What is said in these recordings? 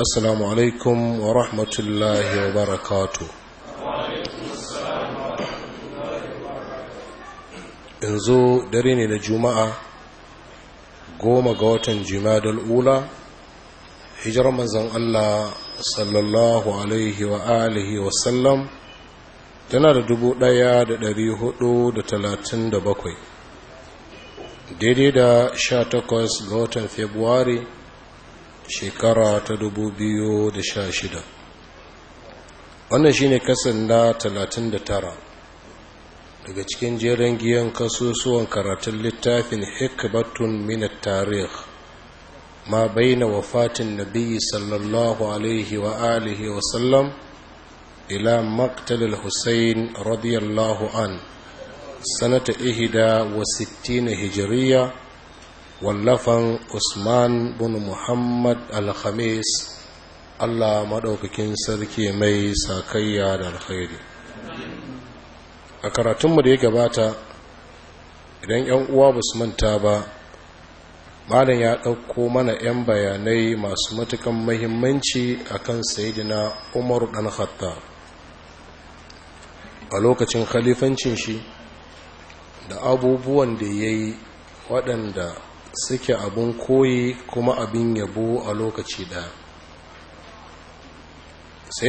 wa عليكم wa الله in zo dare ne da juma'a goma ga watan jimadar ula hijar mazan Allah sallallahu alaihi wa alihi tana da dubu ɗaya da dari hudu da talatin da bakwai daidai da sha takwas ga watan februari shekara ta dubu biyu da sha shida. wannan shine kasan na talatin da tara daga cikin jerin giyan kasusuwan karatun littafin hikbatun minat tarih ma baina wafatin nabi sallallahu alaihi wa alihi wa sallam ila maktalil hussein radiyallahu an sanata ihida wa sittina Hijriya. wallafan usman bin muhammad al allah maɗaukakin sarki mai sakayya da alkhairi a karatunmu da ya gabata idan 'yan uwa ba su manta ba malam ya ɗauko mana 'yan bayanai masu matukan mahimmanci akan sayidina umaru ɗan hatta a lokacin khalifancin shi da abubuwan da ya yi waɗanda suke abin koyi kuma abin yabo a lokaci ɗaya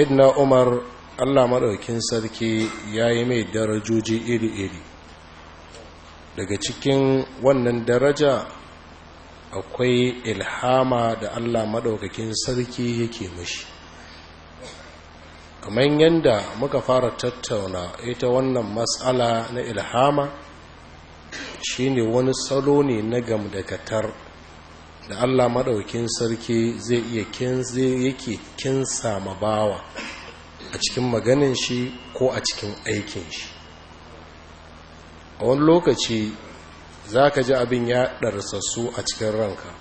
na umar allah maɗaukin sarki ya yi mai darajoji iri-iri daga cikin wannan daraja akwai ilhama da allah maɗaukakin sarki yake mashi kamar yadda muka fara tattauna ita wannan matsala na ilhama Shi ne wani salo ne na gamdakatar da Allah maɗaukin sarki zai iya yake kinsa bawa a cikin maganin shi ko a cikin aikin shi a wani lokaci za ka ji abin ya ɗarsasu a cikin ranka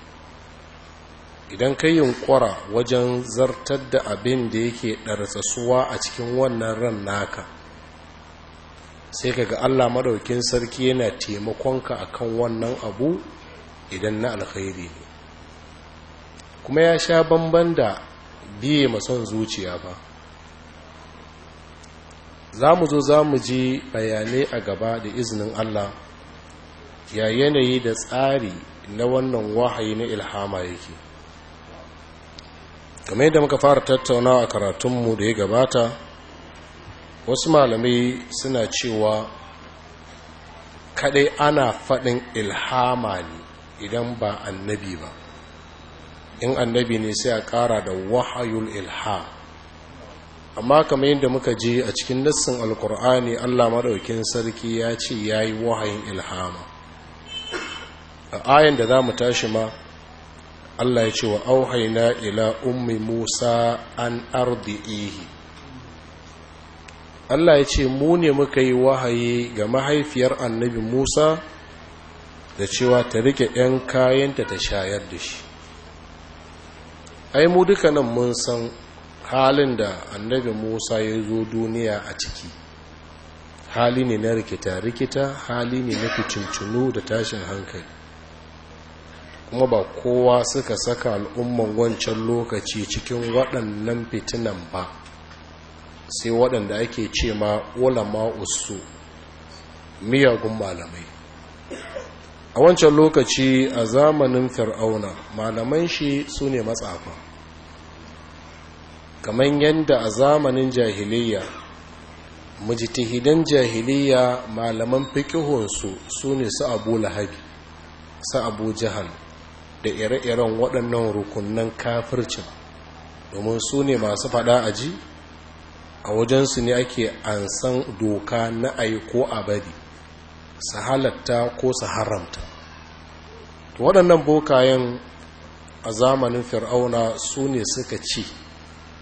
idan ka yunkura wajen zartar da abin da yake ɗarsasuwa a cikin wannan ran naka sai kaga Allah madaukin sarki yana taimakonka akan wannan abu idan na alkhairi ne kuma ya sha bamban da biye mason zuciya ba za mu zo za mu ji bayanai a gaba da izinin Allah ya yanayi da tsari na wannan wahayi na ilhama yake kamar yadda muka fara tattaunawa a karatunmu da ya gabata wasu malamai suna cewa kadai ana faɗin ilhama ne idan ba annabi ba in annabi ne sai a ƙara da wahayul ilha amma kamar yadda muka ji a cikin nassin alkur'ani allah maɗaukin sarki ya ce ya yi wahayin ilhama a ayin da za mu tashi ma allah ya ce wa auhaina ila ummi musa an ihi. Allah ya ce mu ne muka yi wahayi ga mahaifiyar annabi Musa da cewa ta rike ‘yan kayanta ta shayar da shi ai mu duka nan mun san halin da annabi Musa ya zo duniya a ciki hali ne na rikita-rikita hali ne na ficincinu da tashin hankali kuma ba kowa suka saka al'umman wancan lokaci cikin waɗannan fitinan ba sai waɗanda ake ce ma ulama usu miyagun malamai a wancan lokaci a zamanin fir'auna malaman shi su ne matsafa kamar yadda a zamanin jahiliya mujtahidan jahiliya malaman fikihunsu su ne su abu lahabi su abu da ire-iren waɗannan rukunan kafircin domin su ne masu faɗa ji. a wajensu ne ake ansan doka na ayi ko a bari su halatta ko su haramta waɗannan bokayen a zamanin fir'auna su ne suka ci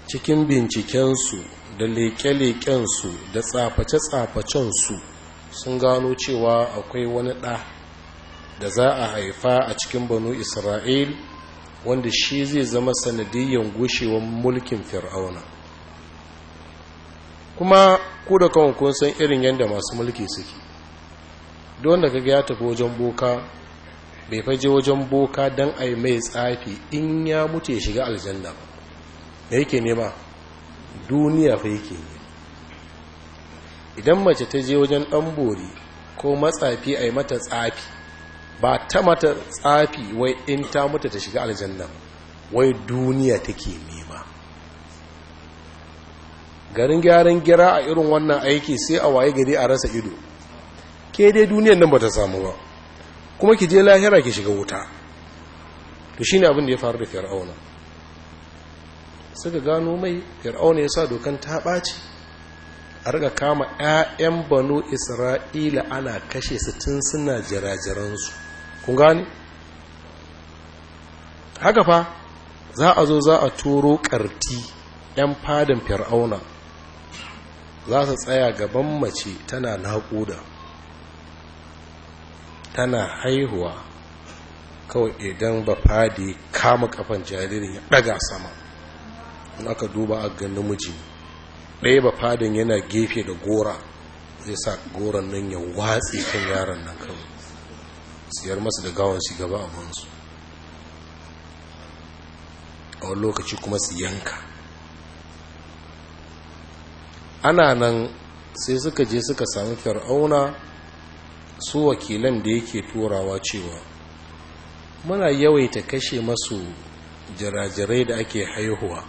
cikin bincikensu da leƙe-leƙensu da tsaface-tsafacensu sun gano cewa akwai wani ɗa da za a haifa a cikin banu isra'il wanda shi zai zama sanadiyyan gushewar mulkin fir'auna kuma ku da kawon kun san irin yadda masu mulki suke don da kaga ya tafi wajen boka bai faje wajen boka don a yi mai tsafi in ya mutu ya shiga aljanna ba da yake nema duniya fa yake ne idan mace ta je wajen ɗan bori ko matsafi a yi mata tsafi ba ta mata tsafi wai in ta mutu ta shiga aljanna wai duniya take ne garin gyaran gira a irin wannan aiki sai a waye gari a rasa ido ke dai duniyan nan ba ta samu ba kuma ki je lahira ki shiga wuta to shine abin da ya faru da fir'auna suka gano mai fir'auna ya sa dokan ta ɓaci a riga kama 'ya'yan banu isra'ila ana kashe su tun suna jirajiransu kun gane haka fa za a zo za a turo ƙarti 'yan fadin fir'auna za su tsaya gaban mace tana naƙuda tana haihuwa kawai idan ba fadi kama kafan jaririn ya ɗaga sama in aka duba a gan namiji ɗaya ba fadin yana gefe da gora zai sa goron nan ya watsi kan yaron nan kawai siyar masa da gawon shi gaba su a wani lokaci kuma su yanka ana nan sai suka je suka sami fir'auna su wakilan da yake turawa cewa muna yawaita kashe masu jirajirai da ake haihuwa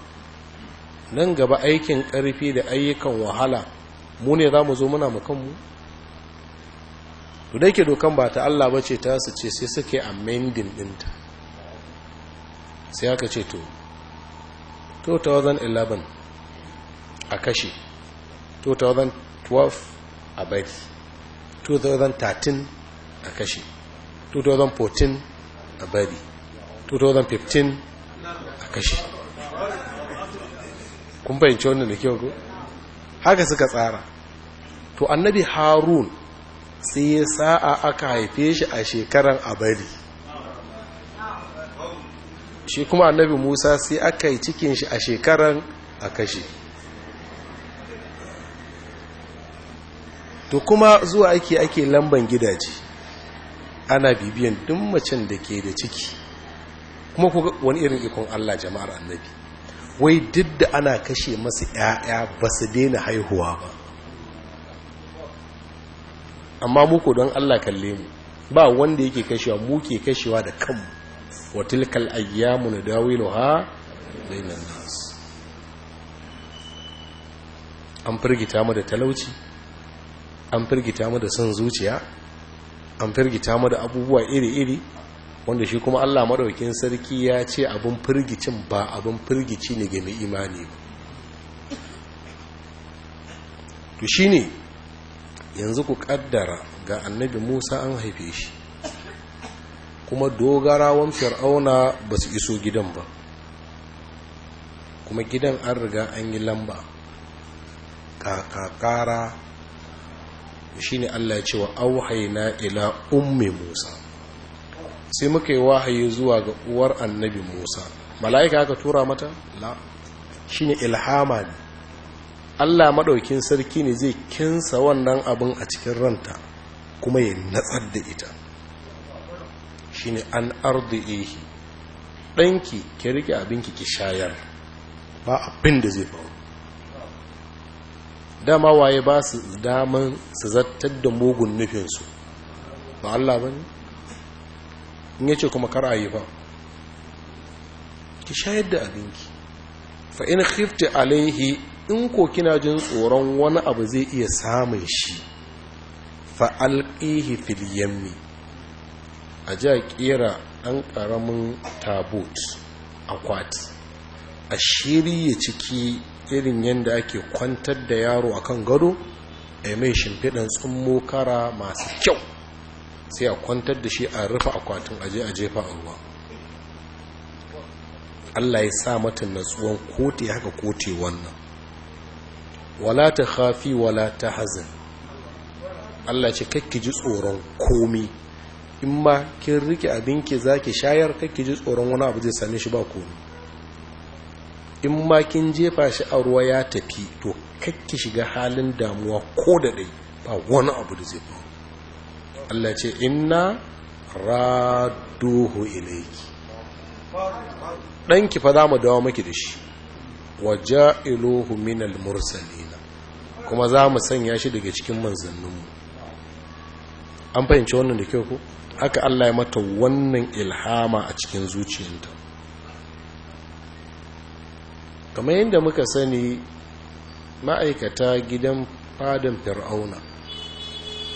nan gaba aikin ƙarfi da ayyukan wahala mu ne za mu zo muna mu kanmu da dokan ba ta Allah ba ce ta su ce sai suke amendin dinta sai aka ce to 2011 a kashe 2012 a bari 2013 a kashe 2014 a bari 2015 a kashe kun fahimci wannan da kyau haka suka tsara to annabi harun sai ya sa'a aka haife shi a shekaran abari shi kuma annabi musa sai aka yi cikin shi a shekaran a kashe to kuma zuwa ake ake lamban gidaje ana bibiyan duk macen da ke da ciki kuma ku wani irin ikon Allah jama'ar annabi wai duk da ana kashe masu ‘ya'ya ba su daina haihuwa ba amma muku don Allah kalle mu ba wanda yake kashewa mu ke kashewa da kanmu watilkal ayyamu na dawilu ha bainan nas an firgita mu da talauci an firgita mu da son zuciya an firgita mu da abubuwa iri-iri wanda shi kuma Allah maɗaukin sarki ya ce abin firgicin ba abin firgici ne ga mai imani ba to shi ne yanzu ku ƙaddara ga annabi musa an haife shi kuma dogarawan fir'auna ba su iso gidan ba kuma gidan an riga an yi lamba ƙaƙaƙara ne Allah ya ce wa auhayna ila ummi Musa sai muka yi wahayi zuwa ga uwar annabi Musa mala'ika aka tura mata la ne ilhama ne Allah maɗaukin sarki ne zai kinsa wannan abin a cikin ranta kuma ya natsar da ita ne an ardihi Ɗanki ki rike abinki ki shayar ba abin da zai faru dama waye ba su daman su zartar da mugun nufinsu ba Allah ba ne in yace kuma kar a yi ba ki shayar da abinki fa in khifti alaihi in ko kina jin tsoron wani abu zai iya samun shi fa alqihi fil yammi a ji a kera ɗan ƙaramin tabut akwati a shirya ciki irin yadda ake kwantar da yaro a kan gado a mai shimfiɗan tsummo kara masu kyau sai a kwantar da shi a rufe akwatin aje a jefa a ruwa Allah ya sa mata natsuwan kote haka kote wannan wala ta hafi wala ta hazin Allah ce kakki ji tsoron komi in ma kin rike abinki zaki shayar kakki ji tsoron wani abu zai same shi ba komi in ma kin jefa shi a ruwa ya tafi to kakki shiga halin damuwa ko da dai ba wani abu da zai faru Allah ce inna raduhu ilayki ɗanki fa za mu dawo maki da shi wa ja'iluhu minal mursalina kuma za mu sanya shi daga cikin manzannin mu an fahimci wannan da kyau ko haka Allah ya mata wannan ilhama a cikin zuciyarta kamar yadda muka sani ma'aikata gidan fadin fir'auna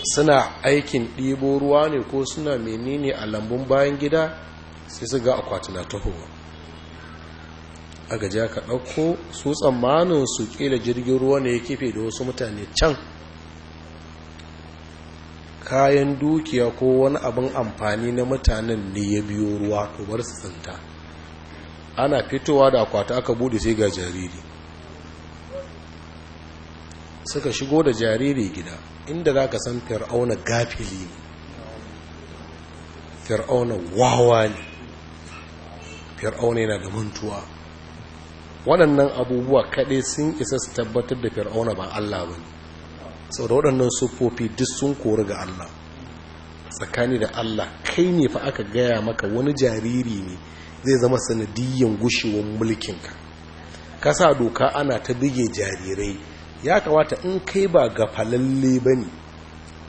suna aikin ɗibo ruwa ne ko suna menene a lambun bayan gida sai su ga akwatina tahowa a gaji aka ɗauko su tsammanin su ƙila jirgin ruwa ne ya kife da wasu mutane can kayan dukiya ko wani abin amfani na mutanen ne ya biyo ruwa to bar su tsinta ana fitowa da akwata aka bude sai ga jariri suka shigo da jariri gida inda za ka san fir'auna gafili ne fir'auna wawa ne fir'auna yana da mantuwa waɗannan abubuwa kaɗai sun isa su tabbatar da fir'auna ba Allah ba ne sau da waɗannan siffofi duk sun kori ga Allah tsakani da Allah kai ne fa aka gaya maka wani jariri ne zai zama sanadiyyan gushewar mulkinka kasa doka ana ta bige jarirai ya kamata in kai ba ga falalle ba ne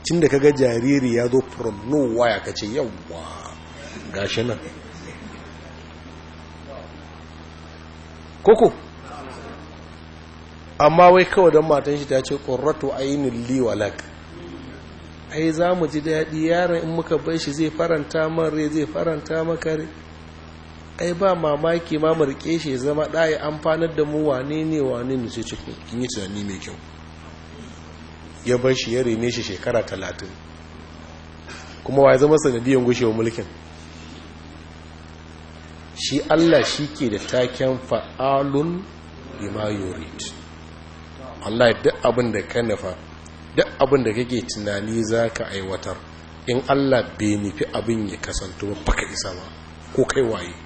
cin da kaga jariri ya zo from nowhere ka ce yawwa gashi nan koko amma wai kawai don matan shi ta ce ƙorrato ainihin liwalak ai za mu ji daɗi yaron in muka bai shi zai faranta man zai faranta maka ai ba mamaki ma mu rike shi zama ɗaya amfanar da mu wane ne wane ne sai cikin in yi tunani mai kyau ya bar shi ya rene shi shekara talatin kuma wa ya zama sanadiyan gushewa mulkin shi allah shi ke da taken fa'alun lima yurid allah duk abin da ka nufa duk abin da kake tunani za ka aiwatar in allah bai nufi abin ya kasanto baka isa ba ko kai waye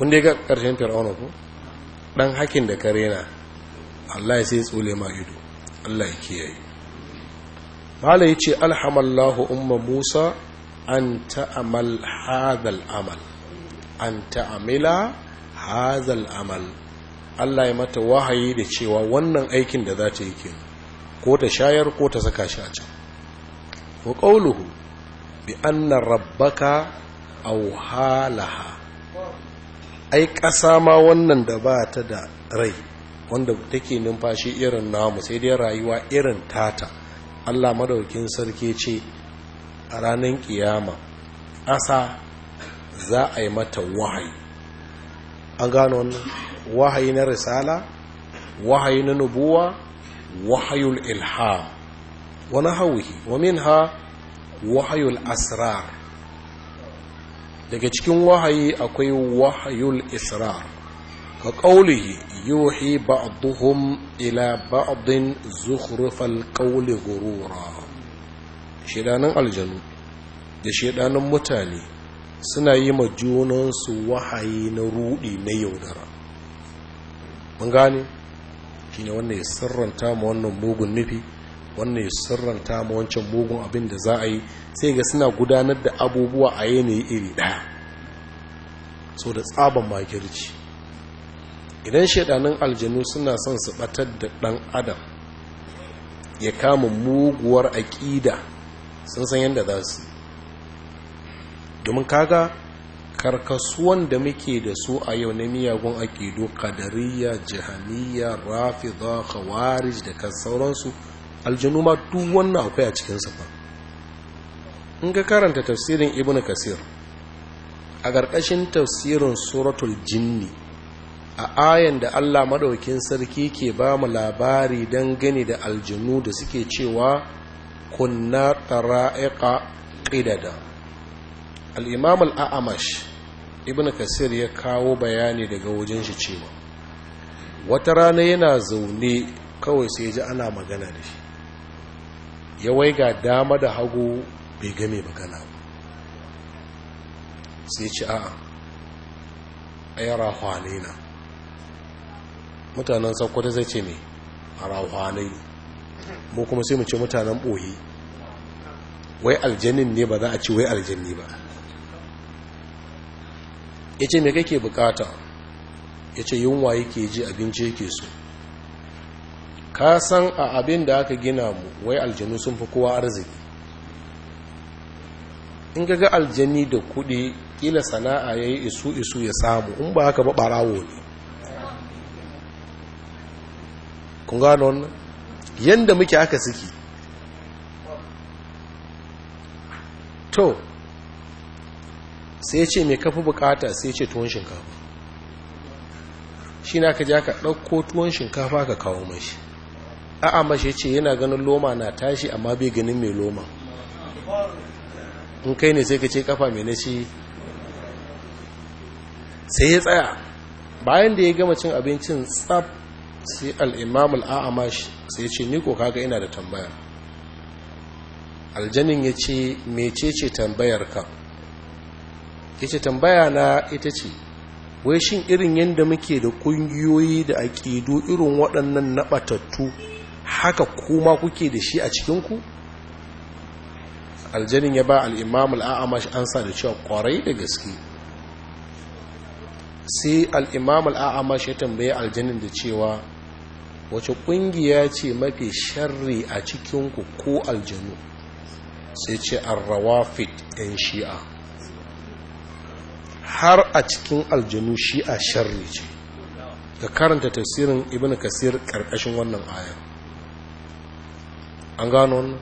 kun dai ga ƙarshen fir'auna ku Dan hakin da kare na Allah ya sai tsule ma ido Allah ya kiyaye mala ya ce alhamallahu umma musa an ta'amal hadal amal an ta'amila hadal amal Allah ya mata wahayi da cewa wannan aikin da za ta yi kenan ko ta shayar ko ta saka shi a can wa qawluhu bi anna rabbaka auhalaha ai ƙasa ma wannan da ba ta da rai wanda take numfashi irin namu sai dai rayuwa irin tata allah madaukin sarki ce a ranar kiyama ƙasa za a yi mata wahayi an gano wannan wahayi na risala wahayi na nubuwa wahayul Ilha, wani hauhi wa min ha wahayul asrar daga cikin wahayi akwai wahayul israr ka ƙaulihi yuhi ba'duhum ila ba'din zukhrufal qawli ghurura shedanin aljanu da shedanin mutane suna yi ma junansu wahayi na rudi na yaudara mun gane shine wannan ya sirranta ma wannan mugun nufi wannan ya sirranta ma wancan mugun abin da za a yi sai ga suna gudanar da abubuwa a yanayi iri ɗaya so da tsaban makirci idan shaɗanin aljanu suna son su batar da ɗan adam ya kama muguwar aƙida sun san yadda za su domin kaga karkasuwan da muke da su a yau na miyagun aƙidu kadariya jihaniya rafida kawarij da kan sauransu aljanu ma duk wannan akwai a cikinsa ba in ka karanta tafsirin ibn kasir a ƙarƙashin tafsirin suratul jinni a ayan da allah maɗaukin sarki ke ba mu labari gani da aljinu da suke cewa kunna tara'iqa ƙidada al'imam al'amash ibn kasir ya kawo bayani daga wajen shi cewa wata rana yana zaune kawai sai ji ana magana da shi ya waiga dama da hagu bai game magana ba sai ce a a yi rahwane na mutanen sakwata zai ce mai a rahwane mu kuma sai mu ce mutanen ɓoye wai aljanin ne ba za a ci wai aljanni ba ya ce mai kake bukata ya ce yunwa yake ji abinci yake so ka san a abin da aka gina mu wai aljanu sun fi kowa arziki in ga aljani da kuɗi kila sana'a ya yi isu isu ya samu in ba haka ba ɓarawo ne kun gano wannan yadda muke aka suke to sai ce mai kafa bukata sai ce tuwon shinkafa shi na ka ja ka ɗauko tuwon shinkafa ka kawo mashi a'a mashi ce yana ganin loma na tashi amma bai ganin mai loma in kai ne sai ka ce kafa mai na sai ya tsaya bayan da ya gama cin abincin tsab sai al'imam al'amash sai ce ni ko kaga ina da tambaya aljanin ya ce ce tambayar ka ya ce tambaya na ita ce wai shin irin yadda muke da ƙungiyoyi da aƙidu irin waɗannan naɓatattu haka kuma kuke da shi a cikinku aljanin ya ba al'imam al'amash an sa da cewa kwarai da gaske sai al'imam al'amash ya tambaye aljanin da cewa wace ƙungiya ce mafi sharri a cikinku ko aljanu sai ce arrawafid 'yan shi'a har a cikin aljanu shi'a sharri ce da karanta tasirin ibn kasir ƙarƙashin wannan ayan an gano wannan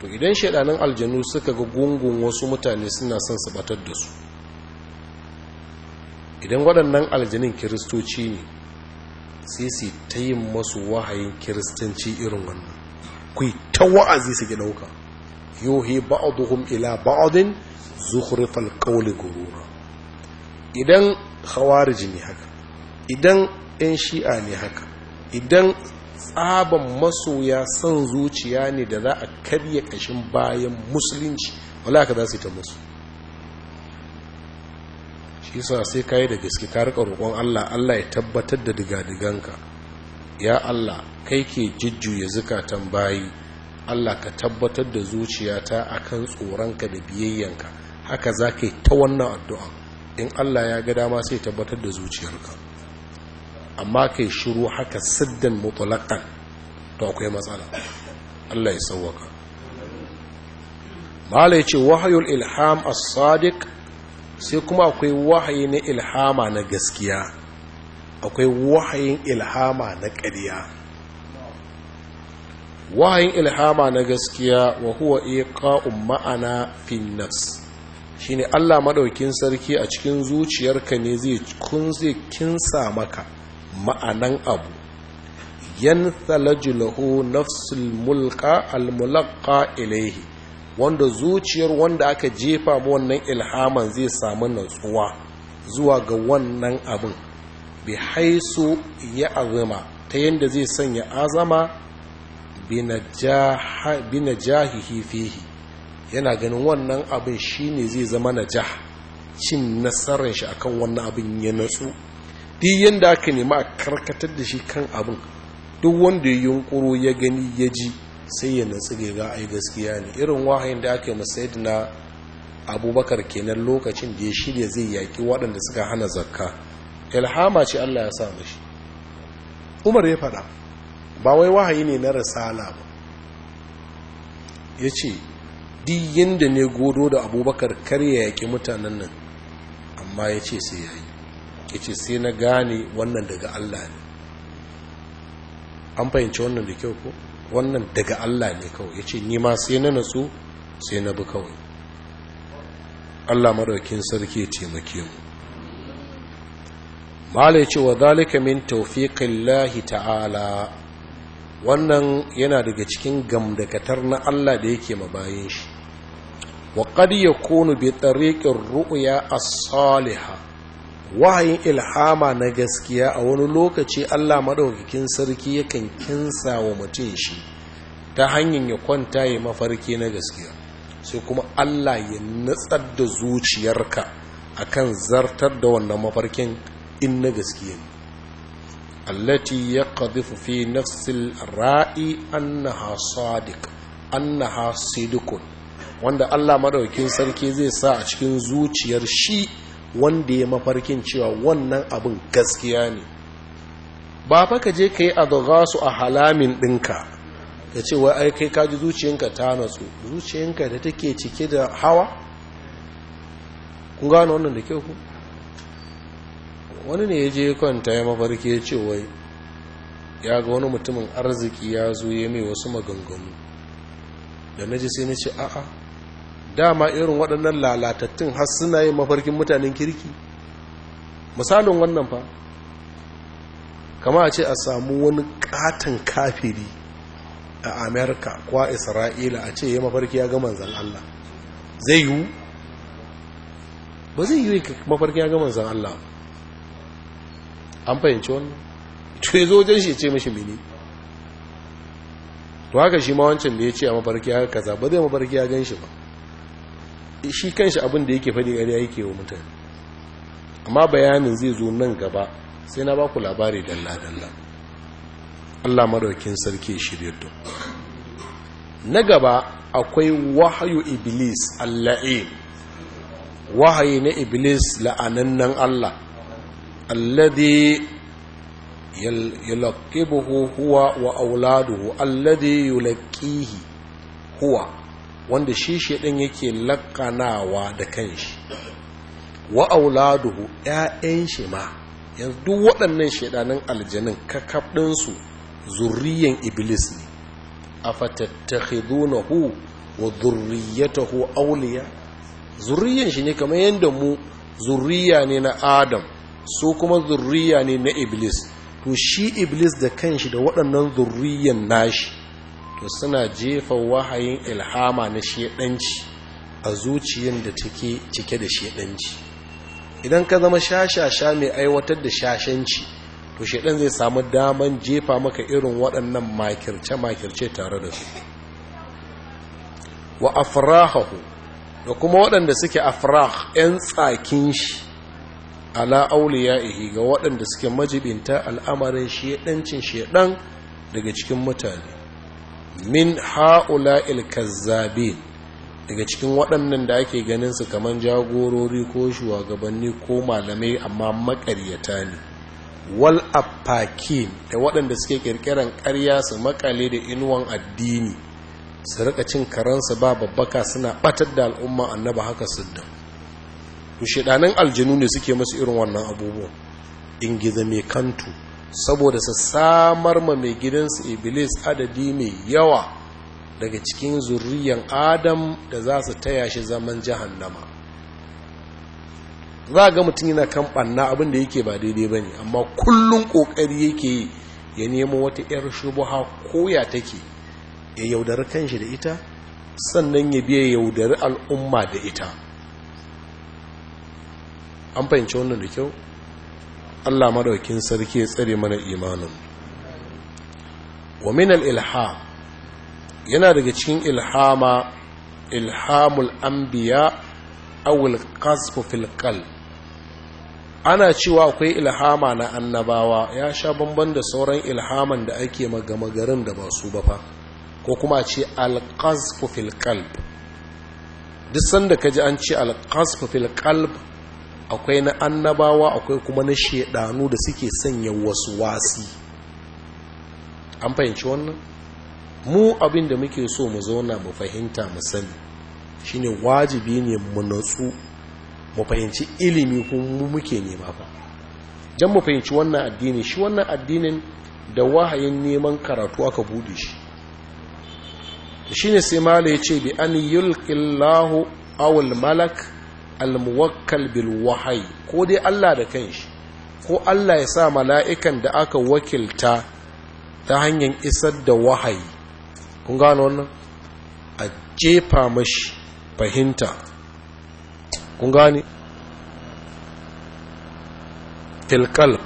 to idan shaidanin aljanu suka ga gungun wasu mutane suna son su batar da su idan waɗannan aljanin kiristoci ne sai su ta yin masu wahayin kiristanci irin wannan ku ta wa'azi su ɗauka yohe ba'aduhum ila ba'adin zuhurifal qawli gurura idan khawarij ne haka idan 'yan shi'a ne haka idan tsaban masoya son zuciya ne da za a karya kashin bayan musulunci wala ka za su yi ta musu shi sa sai kayi da gaske ka rika roƙon allah allah ya tabbatar da digadiganka ya allah kai ke jujjuya zukatan bayi allah ka tabbatar da zuciyata kan tsoronka da biyayyanka haka za ka yi ta wannan addu'a in allah ya ga dama sai tabbatar da zuciyarka amma kai shiru haka siddin mutulakan to akwai matsala Allah ya sauwaka mala ce wahayul ilham as-sadiq sai kuma akwai wahayi na ilhama na gaskiya akwai wahayin ilhama na ƙarya wahayin ilhama na gaskiya wa huwa iqa'un ma'ana fin nafs shine Allah maɗaukin sarki a cikin zuciyarka ne zai kun zai kinsa maka ma'anan abu yan lahu nafsul mulka almulaqa ilaihi wanda zuciyar wanda aka jefa ma wannan ilhaman zai samu natsuwa zuwa ga wannan abin bi haisu ya azama ta yadda zai sanya azama bi najahihi fihi yana ganin wannan abin shine zai zama najah cin nasarar shi akan wannan abin ya natsu duk yadda aka nemi a karkatar da shi kan abin duk wanda ya yunkuro ya gani ya ji sai ya natsu ga ga ai gaskiya ne irin wahayin da aka yi masayid na abubakar kenan lokacin da ya shirya zai yaƙi waɗanda suka hana zakka ilhama ce allah ya sa mashi umar ya faɗa ba wai wahayi ne na rasala ba ya ce yadda ne godo da abubakar kar ya yaƙi mutanen nan amma ya ce sai ya yi yace sai na gane wannan daga Allah ne an fahimci wannan da kyau ko wannan daga Allah ne kawai yace ni ma sai na natsu sai na bi kawai Allah madaukin sarki ya taimake mu malai ce wa zalika min tawfiqillahi ta'ala wannan yana daga cikin gamdakatar na Allah da yake mabayin shi wa qad yakunu bi tariqir ru'uya a salihah wahayin ilhama na gaskiya a wani lokaci allah maɗaukakin sarki yakan kinsa wa mutum shi ta hanyar ya kwanta ya mafarki na gaskiya sai kuma allah ya natsar da zuciyarka a kan zartar da wannan mafarkin in na gaskiya ne allati ya ƙadifu fi nafsil ra'i annaha sadiq annaha sidikun wanda allah maɗaukin sarki zai sa a cikin zuciyar shi wanda ya mafarkin cewa wannan abin gaskiya ne ba fa ka je ka yi su a halamin ɗinka ka ce wai ai kai kaji zuciyanka ta natsu zuciyanka da take cike da hawa kun gano wannan da kyau ku wani ne ya je kwanta ya mafarki ya ce wai ya ga wani mutumin arziki ya zo ya mai wasu maganganu da na ji sai na ce a'a dama irin waɗannan lalatattun har suna yin mafarkin mutanen kirki misalin wannan fa kama a ce a samu wani katon kafiri a amerika kwa isra'ila a ce ya mafarki ya ga manzan allah zai yiwu ba zai yi mafarki ya ga manzan allah an fahimci wannan to ya zo wajen shi ya ce mashi mini to haka shi ma wancan da ya ce a mafarki ya kaza ba zai mafarki ya gan shi ba shi kanshi abin da yake faɗi ƙarya yake wa mutane amma bayanin zai zo nan gaba sai na baku labari dalla-dalla Allah maraukin sarki shirya to na gaba akwai wahayu iblis alla'i wahayi na iblis la'anannan Allah alladhi yalaqibuhu huwa wa auladuhu alladhi yulaqihi huwa wanda shi shedan yake lakanawa da kanshi wa auladuhu yayan shi ma yanzu duk waɗannan shedanin aljanin kakab din su zurriyan iblis ne a afatattakhidunahu wa dhurriyyatahu auliya zurriyan shi ne kamar yadda mu zurriya ne na adam su kuma zurriya ne na iblis to shi iblis da kanshi da waɗannan zurriyan nashi to suna jefa wahayin ilhama na shedanci a zuciyar da take cike da shedanci idan ka zama shashasha mai aiwatar da shashanci to shedan zai samu daman jefa maka irin waɗannan makirce-makirce tare da su wa afrahahu da kuma waɗanda suke afrah 'yan tsakin shi ala ihi ga waɗanda suke majibinta al'amarin shedancin shedan daga cikin mutane min ha'ula kazzabin daga cikin waɗannan da ake ganin su kamar jagorori ko shugabanni ko malamai amma makaryata ne wal afakin da waɗanda suke kirkiran ƙarya su makale da inuwan addini su rika cin karansu ba babbaka suna batar da al'umma annaba haka siddan to shedanin aljinu ne suke masu irin wannan abubuwan ingiza mai kantu saboda su samar ma mai gidansu iblis adadi mai yawa daga cikin zurriyan adam da za su taya shi zaman nama. za ga mutum yana kan ɓanna abin da yake ba daidai ba ne amma kullum ƙoƙari yake yi ya nemo wata 'yar shubuha koya take ya yaudari shi da ita sannan ya biya yaudari al'umma da ita an fahimci wannan da kyau Allah madaukin sarki ya tsare mana imanin wa min al yana daga cikin ilhama ilhamul anbiya aw al-qasf fil qalb ana cewa akwai ilhama na annabawa ya sha bamban da sauran ilhaman da ake magamagarin da ba su ba fa ko kuma ce al-qasf fil qalb duk sanda kaji an ce al-qasf fil qalb akwai na annabawa akwai kuma na shedanu da suke sanya wasu wasi an fahimci wannan mu abin da muke so mu zauna mu fahimta mu sani shine wajibi ne mu natsu mu fahimci ilimi kuma muke nema ba jan mu fahimci wannan addini shi wannan addinin da wahayin neman karatu aka bude shi shine sai mala ya ce bi an yulqillahu awul malak almuwakkal bil wahayi ko dai Allah da kanshi ko Allah ya sa mala'ikan da aka wakilta ta hanyar isar da wahayi kun gano wannan a jefa mashi fahimta kun gane tilkal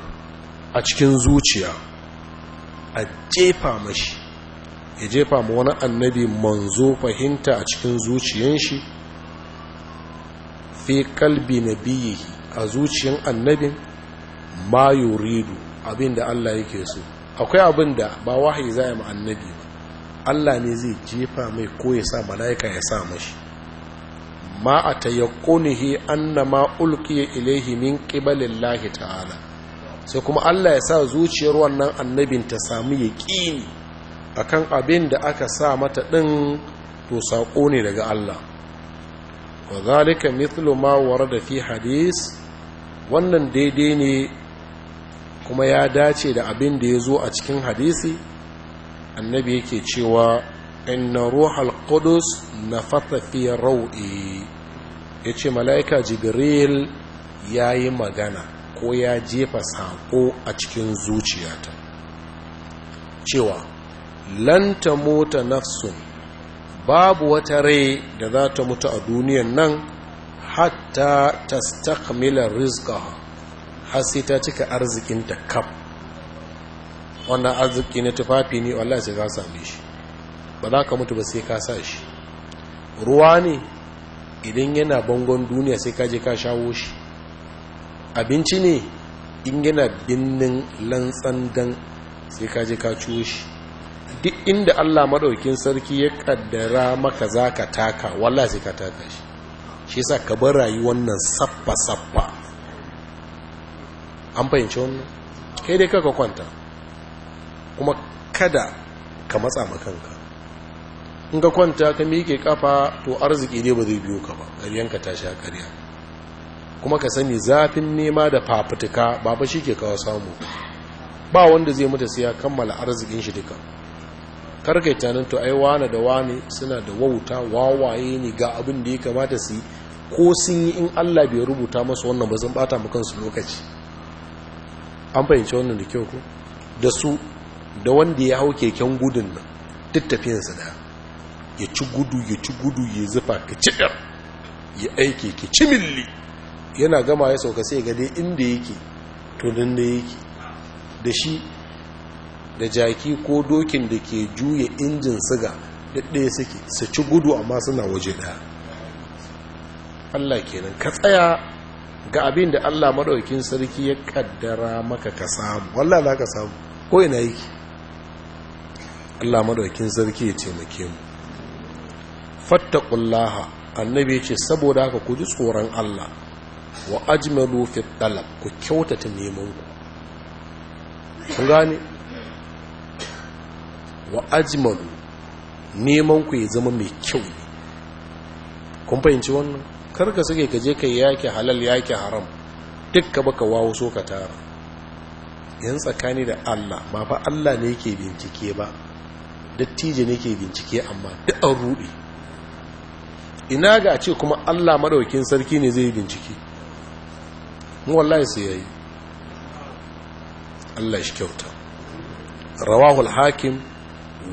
a cikin zuciya a jefa mashi ya jefa ma wani annabi manzo fahimta a cikin zuciyanshi. shi fi kalbi nabiyihi a zuciyan annabin ma yuridu abinda Allah yake so akwai abinda ba wahayi za a annabi ba Allah ne zai jefa mai ko ya sa mala'ika ya sa mashi ma a an annama ulqiya ilaihi min lahi ta'ala sai kuma Allah ya sa zuciyar wannan annabin ta samu yaqini akan abin da aka sa mata ɗin to saƙo ne daga Allah wa zalika mithlu ma warada fi hadis wannan daidai ne kuma ya dace da abin da ya zo a cikin hadisi annabi yake cewa inna ruhal qudus nafatha fi ra'i yace malaika jibril yayi magana ko ya jefa sako a cikin zuciyata cewa lan tamuta nafsun babu wata rai da za ta mutu a duniyan nan hatta ta stakmilar rizka har ta cika arzikinta kaf wannan arziki na tufafi ne wallah sai ka sami shi ba za ka mutu ba sai ka sa shi ruwa ne idan yana bangon duniya sai ka je ka shawo shi abinci ne in yana binnin lantsan dan sai ka je ka ciwo shi duk inda Allah maɗaukin sarki ya ƙaddara maka za ka taka wallah sai ka taka shi shi sa ka bar rayuwar nan saffa-saffa an fahimci wannan kai dai kaka kwanta kuma kada ka matsa makanka in ka kwanta ka miƙe kafa to arziki ne ba zai biyo ka ba ƙaryanka ta sha ƙarya kuma ka sani zafin nema da fafutuka ba ba shi ke kawo samu ba wanda zai mutu sai ya kammala arzikin shi duka karkai tanin to ai wane da wane suna da wauta wawaye ne ga abin da ya kamata su ko sun yi in Allah bai rubuta masa wannan ba zan bata su lokaci an fahimci wannan da kyau ko da su da wanda ya hau keken gudun nan duk tafiyansa da ya ci gudu ya ci gudu ya zufa ka cidar ya aike ki cimilli yana gama ya sauka sai ga dai inda yake to nan da yake da shi da jaki ko dokin da ke juya injin siga ɗaya suke su ci gudu amma suna waje ɗaya Allah kenan ka tsaya ga abin da Allah maɗaukin sarki ya kaddara maka ka samu wallah za ka samu ko ina yake Allah maɗaukin sarki ya taimake mu fatta ƙullaha annabi ce saboda haka ku ji tsoron Allah wa ajmalu fi talab ku kyautata neman ku kun wa ajmalu neman ku ya zama mai kyau ne. kun fahimci wannan karka suke ka je ka yaki halal yaki haram duk ka baka wawo so ka tara yan tsakani da Allah ba fa Allah ne yake bincike ba dattijo ne yake bincike amma duk an rude ina ga ce kuma Allah madaukin sarki ne zai bincike mu wallahi sai yayi Allah shi kyauta rawahul hakim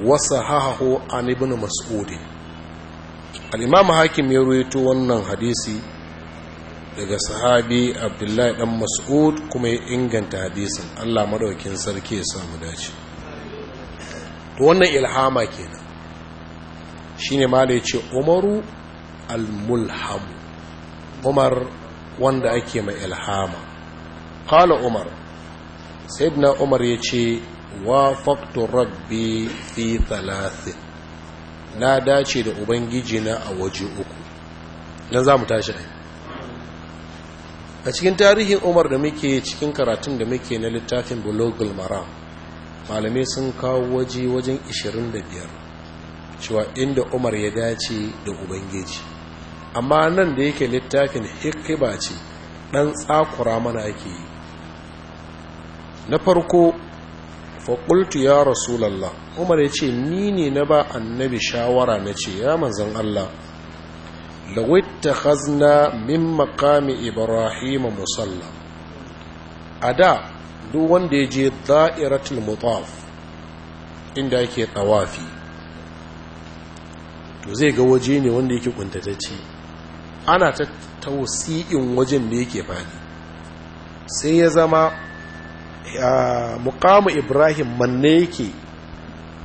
wasahahu hahaho an ibn mas'udin al'imamu hakim ya ruwaito wannan hadisi daga sahabi abdullahi dan mas'ud kuma ya inganta hadisin allah madaukin sarki ya samu dace to wannan ilhama kenan shine ma yace ya ce umaru al mulham umar wanda ake mai ilhama kala umar sayyidina umar ya ce وافقت rabbi fi ثلاث na dace da ubangiji a waje uku dan zamu tashi ai a cikin tarihin Umar da muke cikin karatun da muke na littafin Bulughul Maram malamai sun kawo waje wajen 25 cewa inda Umar ya dace da ubangiji amma nan da yake littafin hikiba ce dan tsakura mana ake yi na farko faƙultu ya rasulallah umar ya ce ni ne na ba annabi shawara na ce ya manzan Allah da wita hazna min makami ibrahim musalla a da duk wanda ya je za'iratul mutaf inda yake tawafi to zai ga waje ne wanda yake kuntatacce ana ta tausi'in wajen da yake fadi sai ya zama mukamu ibrahim manne yake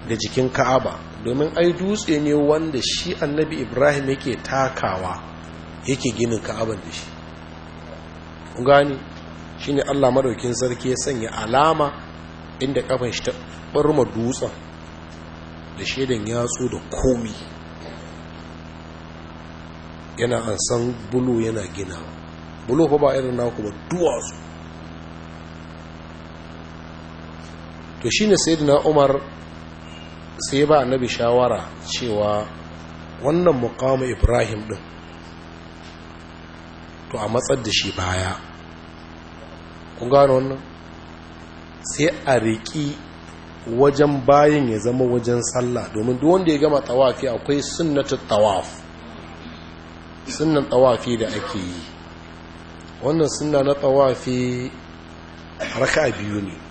da jikin ka'aba domin ai dutse ne wanda shi annabi ibrahim yake takawa yake ginin ka'aban da shi gani ne Allah maɗaukin sarki ya sanya alama inda ƙafan shi ta ɓarma dutsen da shaidan yatsu da komi yana an san bulu yana ginawa bulu ba irin naku ba duwatsu to ne sayyidina umar sai ba annabi shawara cewa wannan mukamu ibrahim din to a matsar da shi baya kun gano wannan sai a riki wajen bayan ya zama wajen sallah domin duk wanda ya gama tawafi akwai sunnatu tawaf sunnan tawafi da ake yi wannan sunna na tawafi raka biyu ne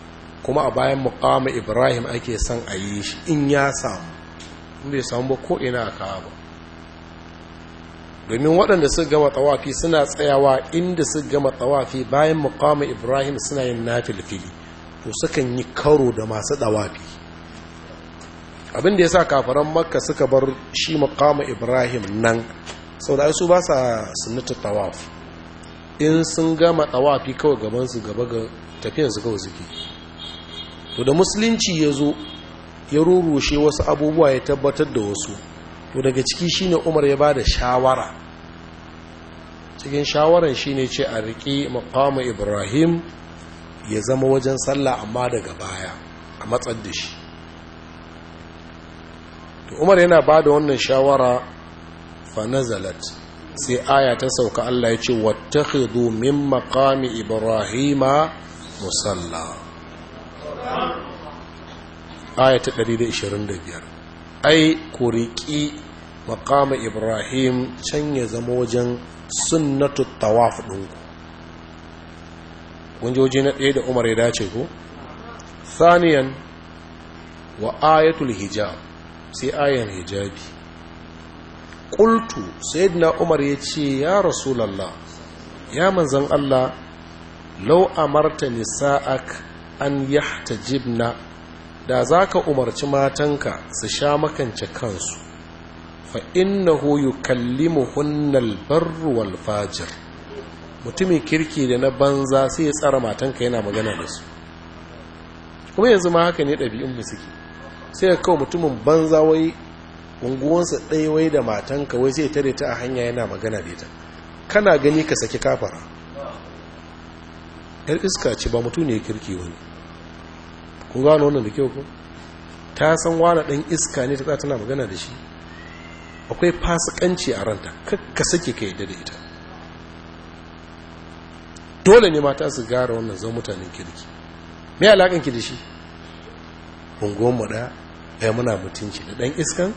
kuma a bayan muqama ibrahim ake son a yi shi in ya samu in bai samu ko ina aka ba domin waɗanda su gama tawafi suna tsayawa inda su gama tawafi bayan muqama ibrahim suna yin nafilfili to sukan yi karo da masu tawafi abin da sa kafaran makka suka bar shi muqama ibrahim nan sau da su ba sa sunnatu tawaf in sun gama tawafi kawai gabansu su gaba ga tafiyan su kawai suke to da musulunci ya zo ya rurushe wasu abubuwa ya tabbatar da wasu to daga ciki shine umar ya ba da shawara cikin shawaran shine ce a riƙe maqamu ibrahim ya zama wajen sallah amma daga baya a matsar da shi to umar yana ba da wannan shawara fanazalat sai aya ta sauka allah ya ce wattakhidhu min maqami ibrahima Sallah. ayata 125 ai ku riƙi makama ibrahim can ya zama wajen sunnatu tawaf ɗinku kunjoji na ɗaya da umar ya dace ko saniyan wa ayatul hijab sai ayan hijabi ƙultu sayyidina umar ya ce ya rasulallah ya manzan allah lau amarta sa'ak an jibna. da za ka umarci matanka su sha makance kansu fa kalli mu barru wal fajir mutumin kirki da na banza sai ya tsara matanka yana magana da su kuma yanzu ma haka ne ɗabi'un mu suke sai ya kawo mutumin banza wai unguwansa ɗaya wai da matanka wai sai ya tare ta a hanya yana magana da ita kana gani ka saki kafara yar iska ce ba mutum ne kirki wani ku gano wannan da kyau ku ta san wani ɗan iska ne ta tana magana da shi akwai fasikanci a ranta kakka sake ka yadda da ita dole ne mata su gara wannan zan mutanen kirki me ki da shi unguwanmu ɗaya ya muna mutunci da ɗan iskan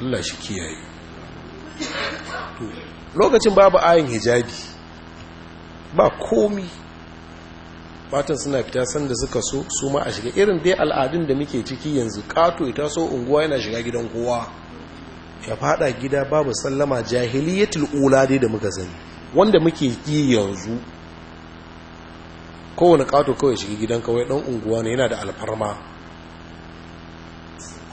Allah shi kiyaye lokacin babu ayin hijabi ba komi matan suna fita sanda suka so su ma a shiga irin dai al'adun da muke ciki yanzu kato ita so unguwa yana shiga gidan kowa ya fada gida babu sallama jahiliyatul ula dai da muka sani wanda muke yi yanzu kowane kato kawai shiga gidan kawai dan unguwa ne yana da alfarma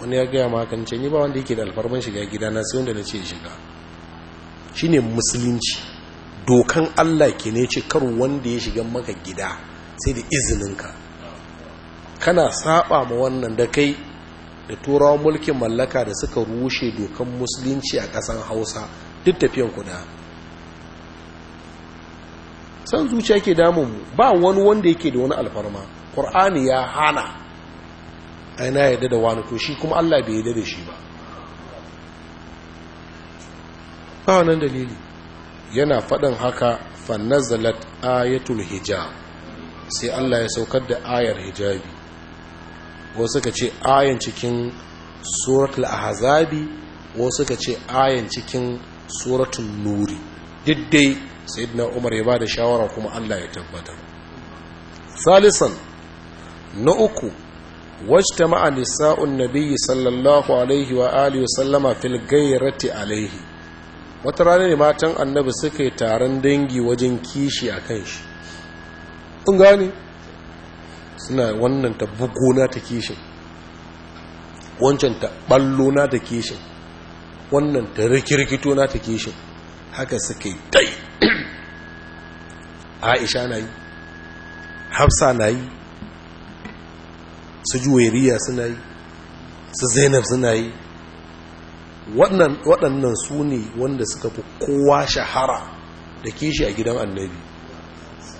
wani ya gaya ma kan ni ba wanda yake da alfarman shiga gida na sai wanda na ce shiga shine musulunci dokan Allah ke ne ce kar wanda ya shiga maka gida sai da izininka kana saba ma wannan da kai da turawan mulkin mallaka da suka rushe dokan musulunci a kasan hausa duk tafiyan kuda san zuciya ke mu ba wani wanda yake da wani alfarma ƙur'ani ya hana aina yadda da wani to kuma allah bai yadda da shi ba ba wannan dalili yana faɗin haka fannazalat ayatul hijab sai Allah ya saukar da ayar hijabi wasu suka ce ayan cikin suratul ahzabi wasu suka ce ayan cikin suratul nuri diddai sayyidina Umar ya bada shawara kuma Allah ya tabbatar salisan na uku wajtama'a nisa'un nabiyyi sallallahu alaihi wa alihi wa sallama fil ghayrati alaihi wata rana ne matan annabi suka yi taron dangi wajen kishi a kan shi kun gane suna wannan ta bugona ta kishin wancan ta na ta kishin wannan ta rikirkito na ta kishin haka suka yi dai aisha na yi hafsa na yi su juweriya suna yi su zainab suna yi waɗannan su ne wanda suka fi kowa shahara da kishi a gidan annabi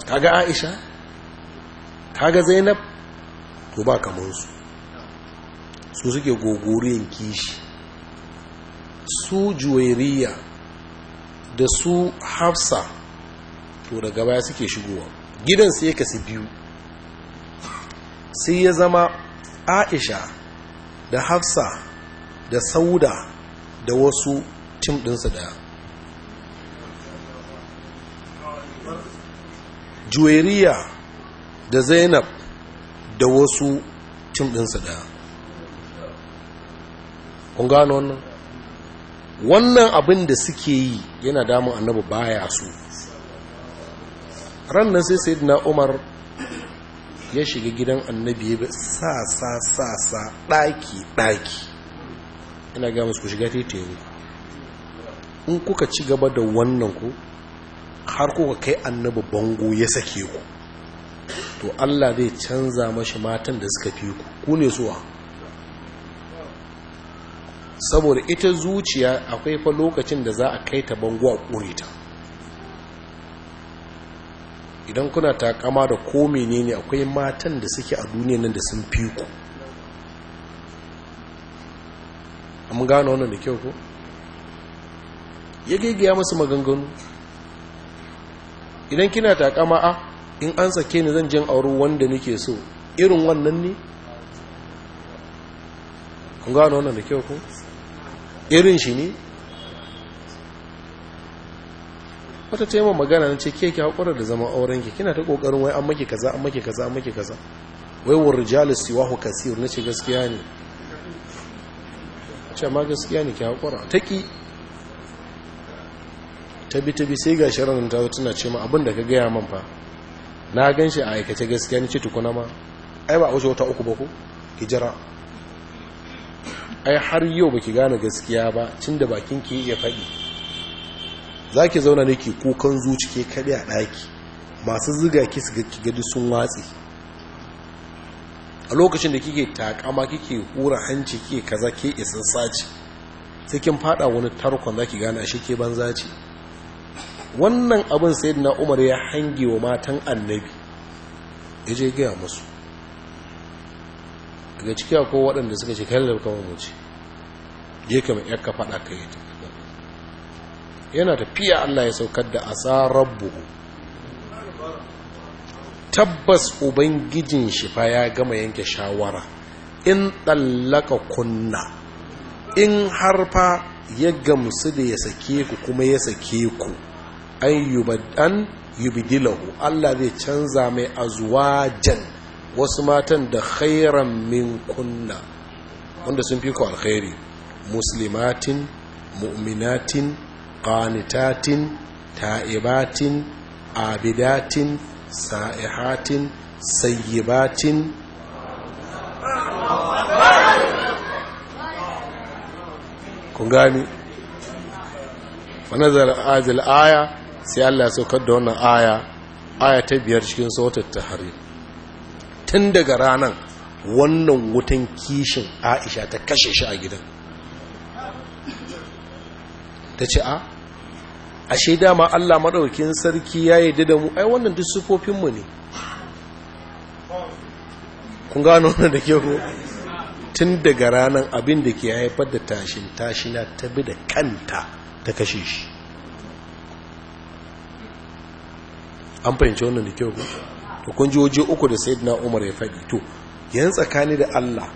kaga aisha kaga zainab to ba kamansu su suke gogoriyan kishi su juwairiya da su hafsa to daga baya suke shigowa gidan sai ka su biyu sai ya zama aisha da hafsa da sauda da wasu tim ɗinsu daya juwairiya da zainab da wasu tim ɗinsa ɗaya kun gano wannan wannan abin da suke yi yana damun annabi baya su ran nan sai sayyidina umar ya shiga gidan annabi ya bi sa sa sa sa ɗaki ɗaki ina gama su ku shiga titayen in kuka ci gaba da wannan ku har kuka kai annabi bango ya sake ku to Allah zai canza mashi matan da suka fi ku ku ne suwa saboda ita zuciya akwai fa lokacin da za a kai ta bango a ƙure ta idan kuna takama da ko ne akwai matan da suke a duniya nan da sun fi ku amma gano wannan da kyau ko ya gaigaya masu maganganu idan kina takama a ah, in an sake ni zan jin auro wanda nake so irin wannan ne kun gano wannan da kyau ku irin shi ne wata yi ma magana na ce keke haƙura da zama auren ki kina ta ƙoƙarin wai an maki kaza an maki kaza an maki kaza wai wa rijalu siwahu kasir na ce gaskiya ne ce ma gaskiya ne ki haƙura ta ki tabi tabi sai ga shirin ta tana ce ma abin da ka gaya man fa na gan shi a aikace gaskiya ni ce tukuna ma ai ba wuce wata uku ba ku ki jira ai har yau baki gane gaskiya ba cin da bakin ki iya faɗi za ki zauna ne ki kukan zuci ke a ɗaki masu ziga ki su gadi sun watsi a lokacin da kike takama kike hura hanci kike kaza ke isin sace sai kin fada wani tarkon zaki ki gane shi ke banza ce wannan abin sai na umar ya hange wa matan annabi ya je gaya musu daga ciki ko waɗanda suka ce kayan lalaka mace je kama ka faɗa ka yi ta yana tafiya allah ya saukar da asarar buhu tabbas ubangijin shi fa ya gama yanke shawara in tsallaka kunna in harfa ya gamsu da ya sake ku kuma ya sake ku an yubidilahu Allah zai canza mai azwajan wasu matan da khairan min kunna wanda sun fi ku alkhairi muslimatin mu'minatin qanitatin ta'ibatin abidatin sa'ihatin sayyibatin kun gani fa nazar azil aya sai Allah ya saukar da wannan aya aya ta biyar cikin sautar tahari tun daga ranar wannan wutan kishin aisha ta kashe shi a gidan ta ce a ashe dama Allah maɗaukin sarki ya yi da mu ai wannan duk sufofinmu ne kun gano wannan da ke ku tun daga ranar abin da ke haifar da tashin tashina ta bi da kanta ta kashe shi an fahimci wannan da kyau to kun ji waje uku da sayyidina umar ya faɗi to yan tsakani da Allah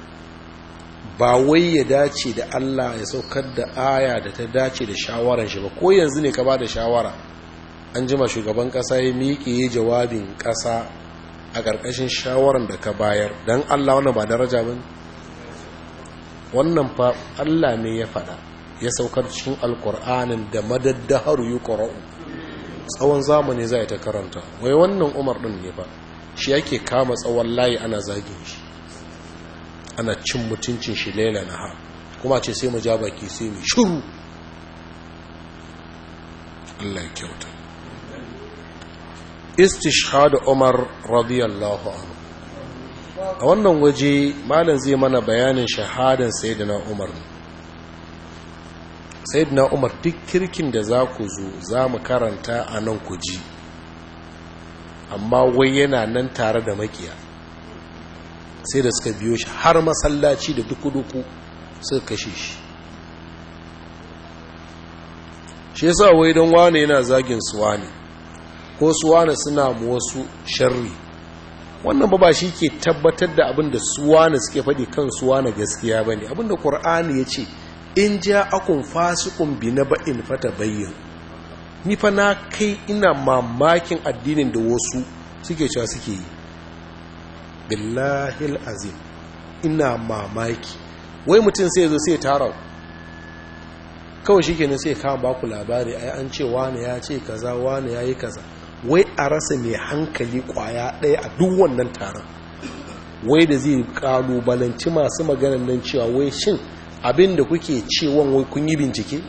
ba wai ya dace da Allah ya saukar da aya da ta dace da shawaran shi ba ko yanzu ne ka ba da shawara an jima shugaban kasa ya miƙe jawabin kasa a ƙarƙashin shawaran da ka bayar don Allah wannan ba daraja ba wannan fa Allah ne ya faɗa ya saukar cikin alkur'anin da madaddaharu yi ƙura'u tsawon zamani za a ta karanta wai wannan umar ɗin ne ba shi yake kama tsawon layi ana zagin shi ana cin mutuncin shi laila na ha. kuma ce sai mu ja baki sai mu shuru Allah kyauta istishhad umar radiyallahu anhu a wannan waje malam zai mana bayanin shahadan sayyidina umar ne sayyidina umar duk kirkin da za ku zo za mu karanta a nan ku ji amma wai yana nan tare da makiya sai da suka biyo shi har masallaci da duku-duku suka kashe shi shi yasa wai don wane yana zagin suwa ne ko suwa ne suna mu wasu sharri wannan ba ba shi ke tabbatar da abin da suwa ne suke faɗi kan suwa ne gaskiya ba ne abin da ƙur'ani ya ce in ja akun fasikun bi na ba'in fata bayyan ni fa na kai ina mamakin addinin da wasu suke cewa suke yi billahi azim ina mamaki wai mutum sai zo sai tara kawai shi kenan sai kama baku labari ai an ce wani ya ce kaza wani ya yi kaza wai a rasa mai hankali kwaya ɗaya a duk wannan taron wai da zai kalubalanci masu maganan nan cewa wai shin abin da kuke cewon wai kun yi bincike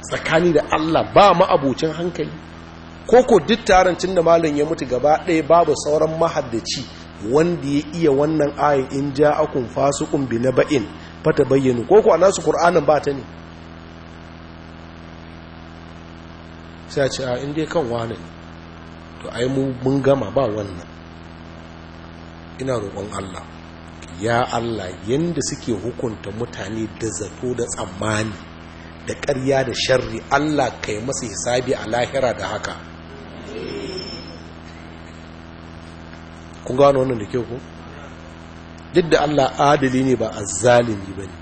tsakani da Allah ba ma'abucin hankali ko ko duk tarancin da malam ya mutu gaba ɗaya babu sauran mahaddaci wanda ya iya wannan ayin in ja akun fasu bi na ba'in fata bayyana ko ko a nasu ƙur'anin ba ta ne sai a ce a inda kan wane to ai mun gama ba wannan ina roƙon Allah ya Allah yadda suke hukunta mutane da zato da tsammani da ƙarya da sharri Allah kai masa hisabi a lahira da haka kunga gano wannan da kyau ku duk da Allah adali ne ba ba bane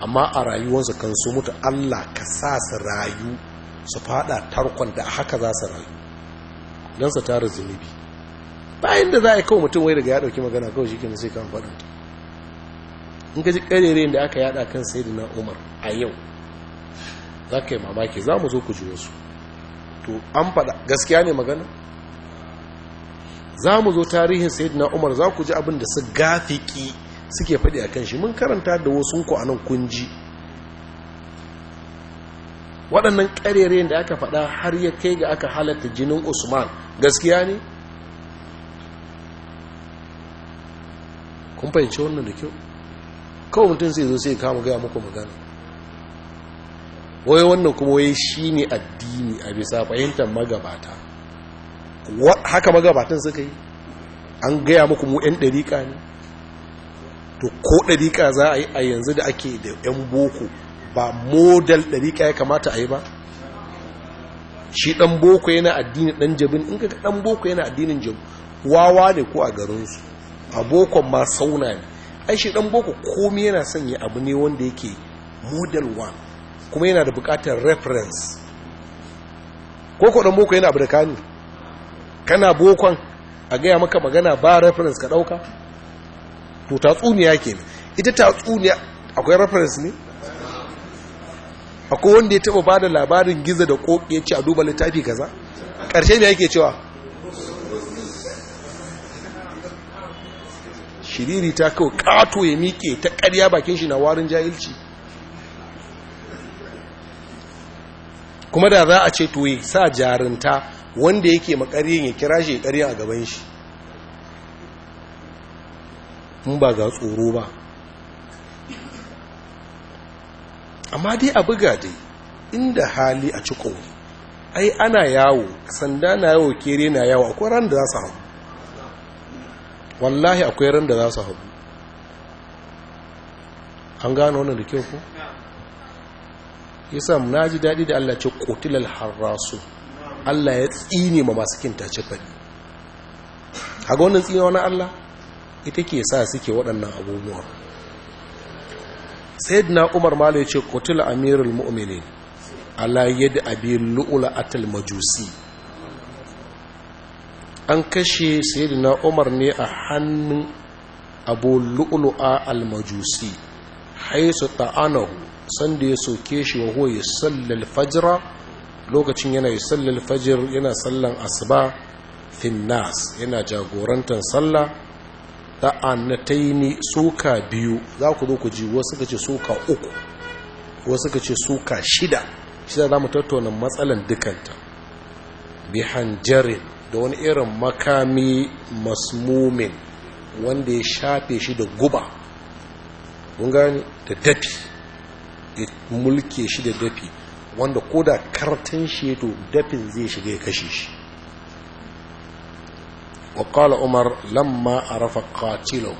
amma a rayuwarsa kan su mutu Allah ka sa su rayu su fada tarkon da haka za su rayu don su tara zunubi bayan da za a yi kawo mutum wai daga ya dauki magana kawai shi kenan sai kan faɗin in ka ji ƙarere da aka yada kan sayyidina umar a yau za ka yi mamaki za mu zo ku ji wasu to an faɗa gaskiya ne magana za mu zo tarihin sayyidina umar za ku ji abin da su gafiki suke faɗi a kan shi mun karanta da wasu ku a nan kunji waɗannan ƙarere da aka faɗa har ya kai ga aka halatta jinin usman gaskiya ne kun fahimci wannan da kyau kawai mutum sai zo sai kama gaya muku magana wai wannan kuma wai shi ne addini a bisa fahimtar magabata haka magabatan suka yi an gaya muku mu 'yan ɗariƙa ne to ko ɗariƙa za a yi a yanzu da ake da 'yan boko ba model ɗariƙa ya kamata a yi ba shi ɗan boko yana addinin ɗan jabin in ka ɗan boko yana addinin jabin wawa ne ko a garinsu a bokon ma sauna ne ai shi dan boko komai yana sanya abu ne wanda yake model 1 kuma yana da bukatar reference ko ko dan boko yana abu da kani kana bokon a gaya maka magana ba reference ka dauka to tatsuniya kenan ita tatsuniya akwai reference ne akwai wanda ya taba bada labarin giza da koke ce a duba littafi kaza karshe me yake cewa shiriri ta kawai kato ya miƙe ta ƙarya bakin shi na warin jahilci kuma da za a ce toye sa jarinta wanda yake makaryin ya kira shi ya a gaban shi in ba ga tsoro ba amma dai a buga dai inda hali a cikin ai ana yawo sanda na yawo kere na yawo akwai ran da za su hau wallahi akwai ran da za su hagu an gano wannan da kyau ku yasa na ji daɗi da Allah ce ƙotilal harasu Allah ya tsini ma masu kinta ce fari haga wannan tsine wani Allah ita ke sa suke waɗannan abubuwa na umar malo ya ce ƙotilal amirul mu'minin ala yadda abin lu'ula atal majusi an kashe sayyidina umar ne a hannun abu lu'lu'a al-majusi haisu ta'anahu sanda ya soke shi wa huwa sallal fajira lokacin yana sallal fajir yana sallan asuba finnas yana jagorantar sallah ta'anataini suka biyu za ku zo ku ji wasu kace suka uku wasu kace suka shida Shida za mu tattauna matsalan dukanta bihanjarin da wani irin makami masmumin wanda ya shafe shi da guba gani da dafi ya mulke shi da dafi wanda ko da kartan sheto dafin zai shiga ya kashe shi wakala umar lamma a rafa katilon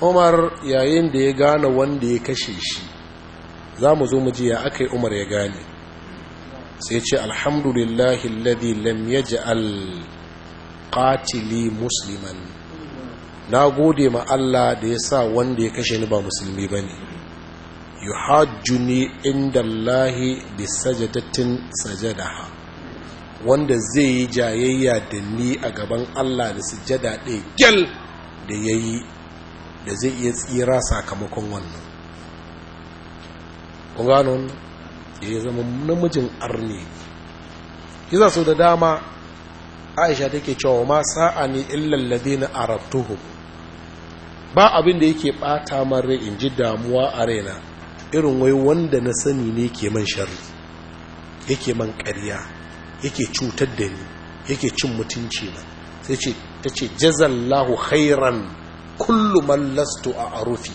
umar yayin da ya gane wanda ya kashe shi za mu zo mu ji ya aka yi umar ya gane sai ce alhamdulillahi alladhi lam yaj'al qatili musliman na gode ma Allah da ya sa wanda ya kashe ni ba musulmi ba bane yuhajjuni inda Allahi bi sajadatin sajadaha wanda zai yi jayayya da ni a gaban Allah da sujada ɗaya gyal da ya yi da zai iya tsira sakamakon wannan. ƙunganon wannan? da ya zama namijin arne kiza su da dama aisha take cewa ma sa'a ne illal ladina arabtuhu ba abin da yake bata man rai in ji damuwa a raina irin wai wanda na sani ne ke man sharri yake man ƙarya yake cutar da ni yake cin mutunci na sai ce ta ce jazallahu khairan kullu man lastu a arufi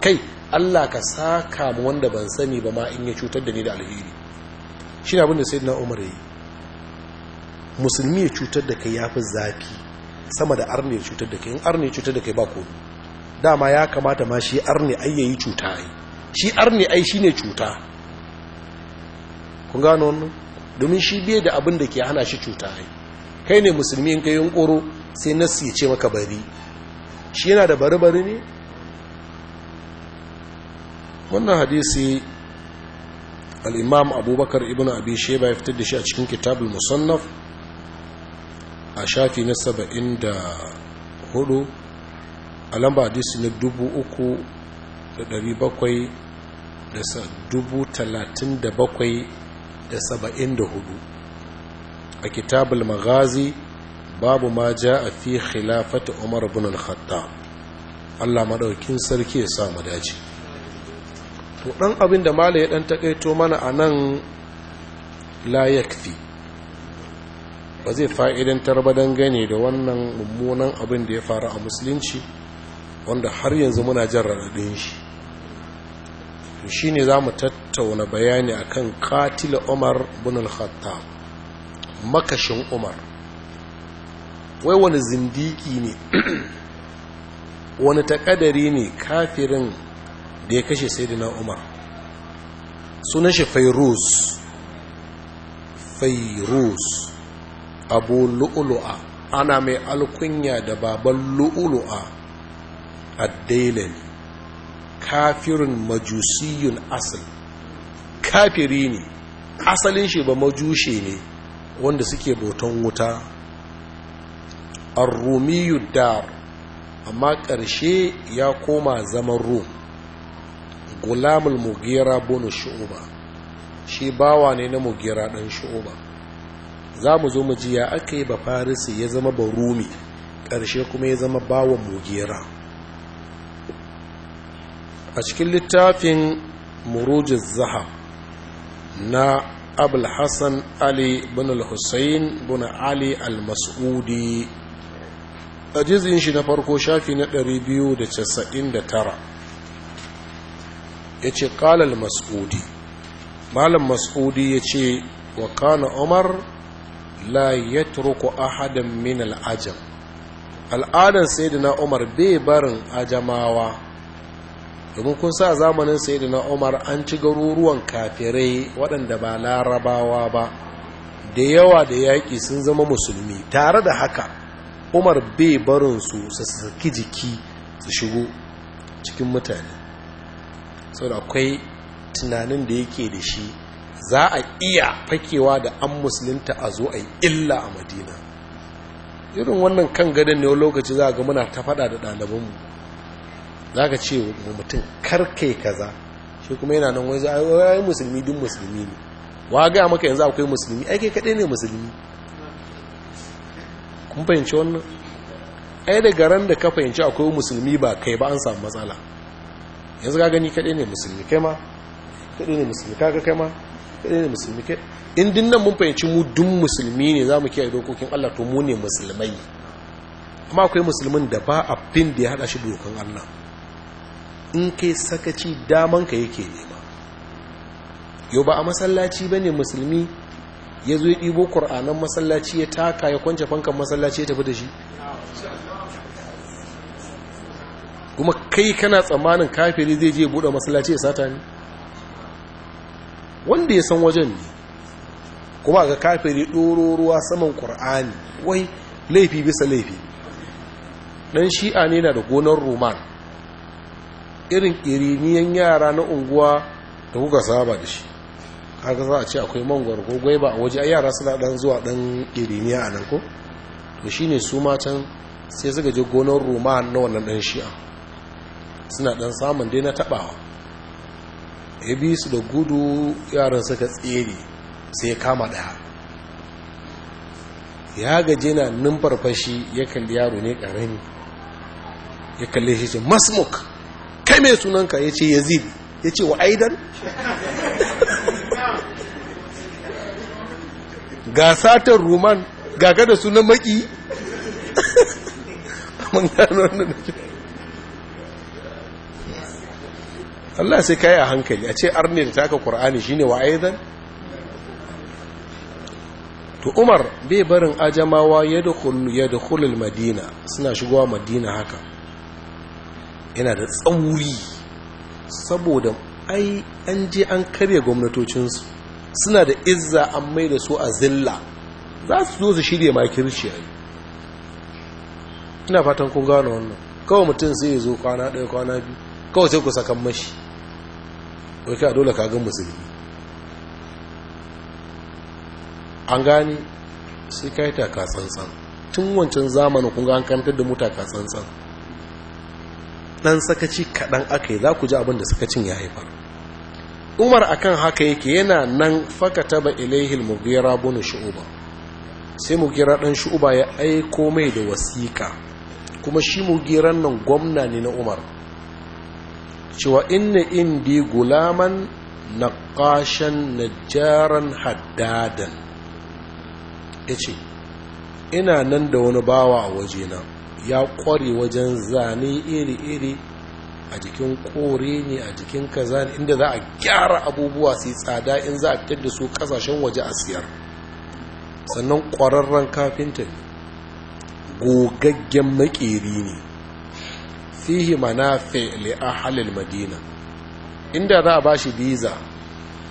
kai Allah ka saka mu wanda ban sani ba ma in ya cutar da ni da alheri shi ne abinda sai na umar yi musulmi ya cutar da kai ya fi zafi sama da arni ya cutar da kai in arni ya cutar da kai ba komi dama ya kamata ma shi arni ai yayi cuta ai shi arni ai shi ne cuta kun gano wannan domin shi biye da abin da ke hana shi cuta ai kai ne musulmi in kai yunkuro sai nasu ya ce maka bari shi yana da bari bari ne wannan hadisi al'imam abubakar ibn abi sheba ya fitar da shi a cikin kitabul musannaf a shafi na saba'in da hudu a lamba hadisi na dubu uku da dari bakwai da dubu talatin da bakwai da saba'in da hudu a kitabul magazi babu ma ja a fi khilafata umar bin al-khattab Allah maɗaukin sarki ya samu dace to ɗan abin da mala ya ɗan taƙaito mana a nan layakfi ba zai fa'idan don gane da wannan mummunan abin da ya faru a musulunci wanda har yanzu muna jan raɗaɗin shi to shi ne za mu tattauna bayani a kan katila umar Bunin Hatta makashin umar wai wani zindiki ne wani taƙadari ne kafirin da ya kashe sayyidina umar sunan shi fairuz fairuz abu lu'ulu'a ana mai alkunya da baban lu'ulu'a dailin kafirin majusiyun asal kafiri ne asalin shi ba majushe ne wanda suke boton wuta Rumiyu dar amma ƙarshe ya koma zaman rum gulamul mugira bonus shu'uba shi bawa ne na mugira dan shu'uba za mu zo mu ji ya aka yi ba farisi ya zama ba rumi ƙarshe kuma ya zama bawan mugira a cikin littafin murujin zaha na abul hassan ali bin al-hussein bin ali al-mas'udi a jizin shi na farko shafi na 299 ya ce kalal mas'udi malam mas'udi ya ce wa kana umar la ya a ahadan min al'ajam al'adar sayyidina umar bai barin ajamawa domin kun sa zamanin sayyidina umar an ci garuruwan kafirai waɗanda ba larabawa ba da yawa da yaƙi sun zama musulmi tare da haka umar bai barin su su saki jiki su shigo cikin mutane saboda akwai tunanin da yake da shi za a iya fakewa da an musulunta a zo a illa a madina irin wannan kan gadon ne lokaci za a ga muna ta fada da ɗalibinmu za ka ce wa mutum karkai kaza shi kuma yana nan wani zai musulmi din musulmi ne wa ga maka yanzu akwai musulmi ake kaɗai ne musulmi kun fahimci wannan ai da garan da ka fahimci akwai musulmi ba kai ba an samu matsala yanzu ka gani kaɗai ne musulmi kai ma kaɗai ne musulmi kaga kai ma kaɗai ne musulmi kai in din nan mun fahimci mu dun musulmi ne za mu kiyaye dokokin Allah to mu ne musulmai amma akwai musulmin da ba a fin da ya haɗa shi dokan Allah in kai sakaci daman ka yake nema yau ba a masallaci ba ne musulmi ya zo ya ɗibo kur'anan masallaci ya taka ya kwance fankan masallaci ya tafi da shi kuma kai kana tsammanin kafiri zai je buɗe masallaci ya sata ne wanda ya san wajen ne kuma ga kafiri ɗoro ruwa saman ƙur'ani wai laifi bisa laifi ɗan shi'a ne na da gonar roman irin iriniyan yara na unguwa da kuka saba da shi haka za a ce akwai mangwar ko gwaiba a waje yara suna ɗan zuwa ɗan iriniya a nan ko to shi ne su matan sai suka je gonar roman na wannan ɗan shi'a suna dan samun dai na tabawa ya bi su da gudu yaran suka tsere sai kama daya ya gaje na numfarfashi ya kalli yaro ne karami ya kalli shi ce masmuk kai mai sunanka ya ce yazid ya ce wa aidan ga satar roman gaga da sunan maki gano wannan Allah sai kayi a hankali a ce arne da taka Qur'ani shine wa aidan to Umar bai barin ajamawa ya yadkhul madina suna shigowa Madina haka yana da tsauri saboda ai an je an karya gwamnatocinsu suna da izza an mai da su a zilla za su zo su shirya makirci ai ina fatan kun gane wannan kawai mutum sai ya zo kwana ɗaya kwana biyu kawai sai ku sakan mashi wai kai dole ka ga musulmi an gani sai ka yi taka tsantsan tun wancan zamanin kunga an kantar da mu taka tsantsan dan sakaci kaɗan aka yi za ku ji abin da sakacin ya haifa. umar akan haka yake yana nan fakata ba ilaihil mugira bunu shu'uba sai mugira ɗan shu'uba ya aiko mai da wasiƙa kuma shi mugiran nan gwamna ne na umar cewa inna indi gulaman naqashan najjaran haddadan yace ina nan da wani bawa a na ya kware wajen zane iri-iri a jikin kore ne a jikin kaza inda za a gyara abubuwa su tsada in za a fitar da su kasashen waje a siyar sannan ƙwararren kafinta ne gogaggen makeri ne fihi manafi li halin madina inda za a bashi biza